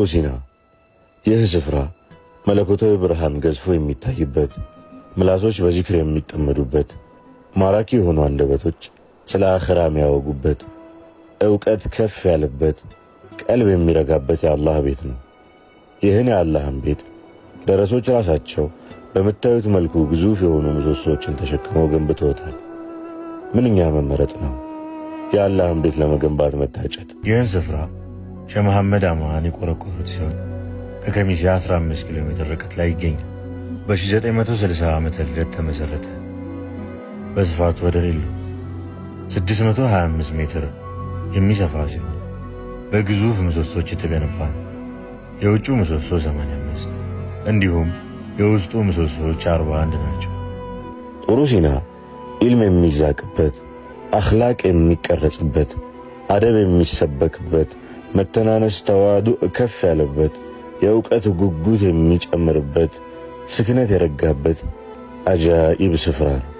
ሩሲና ይህ ስፍራ መለኮታዊ ብርሃን ገዝፎ የሚታይበት፣ ምላሶች በዚክር የሚጠመዱበት፣ ማራኪ የሆኑ አንደበቶች ስለ አኸራ የሚያወጉበት፣ እውቀት ከፍ ያለበት፣ ቀልብ የሚረጋበት የአላህ ቤት ነው። ይህን የአላህን ቤት ደረሶች ራሳቸው በምታዩት መልኩ ግዙፍ የሆኑ ምሰሶዎችን ተሸክመው ገንብተውታል። ምንኛ መመረጥ ነው! የአላህን ቤት ለመገንባት መታጨት። ይህን ስፍራ ሸመሐመድ መሐመድ አማን የቆረቆሩት ሲሆን ከከሚሴ 15 ኪሎ ሜትር ርቀት ላይ ይገኛል። በ1960 ዓመተ ልደት ተመሠረተ። በስፋት ወደር የለው 625 ሜትር የሚሰፋ ሲሆን በግዙፍ ምሰሶች የተገነባ ነው። የውጭው ምሰሶ 85 እንዲሁም የውስጡ ምሰሶዎች 41 ናቸው። ጥሩ ሲና ኢልም የሚዛቅበት አኽላቅ የሚቀረጽበት አደብ የሚሰበክበት መተናነስ፣ ተዋዱ ከፍ ያለበት፣ የእውቀት ጉጉት የሚጨምርበት፣ ስክነት የረጋበት አጃኢብ ስፍራ ነው።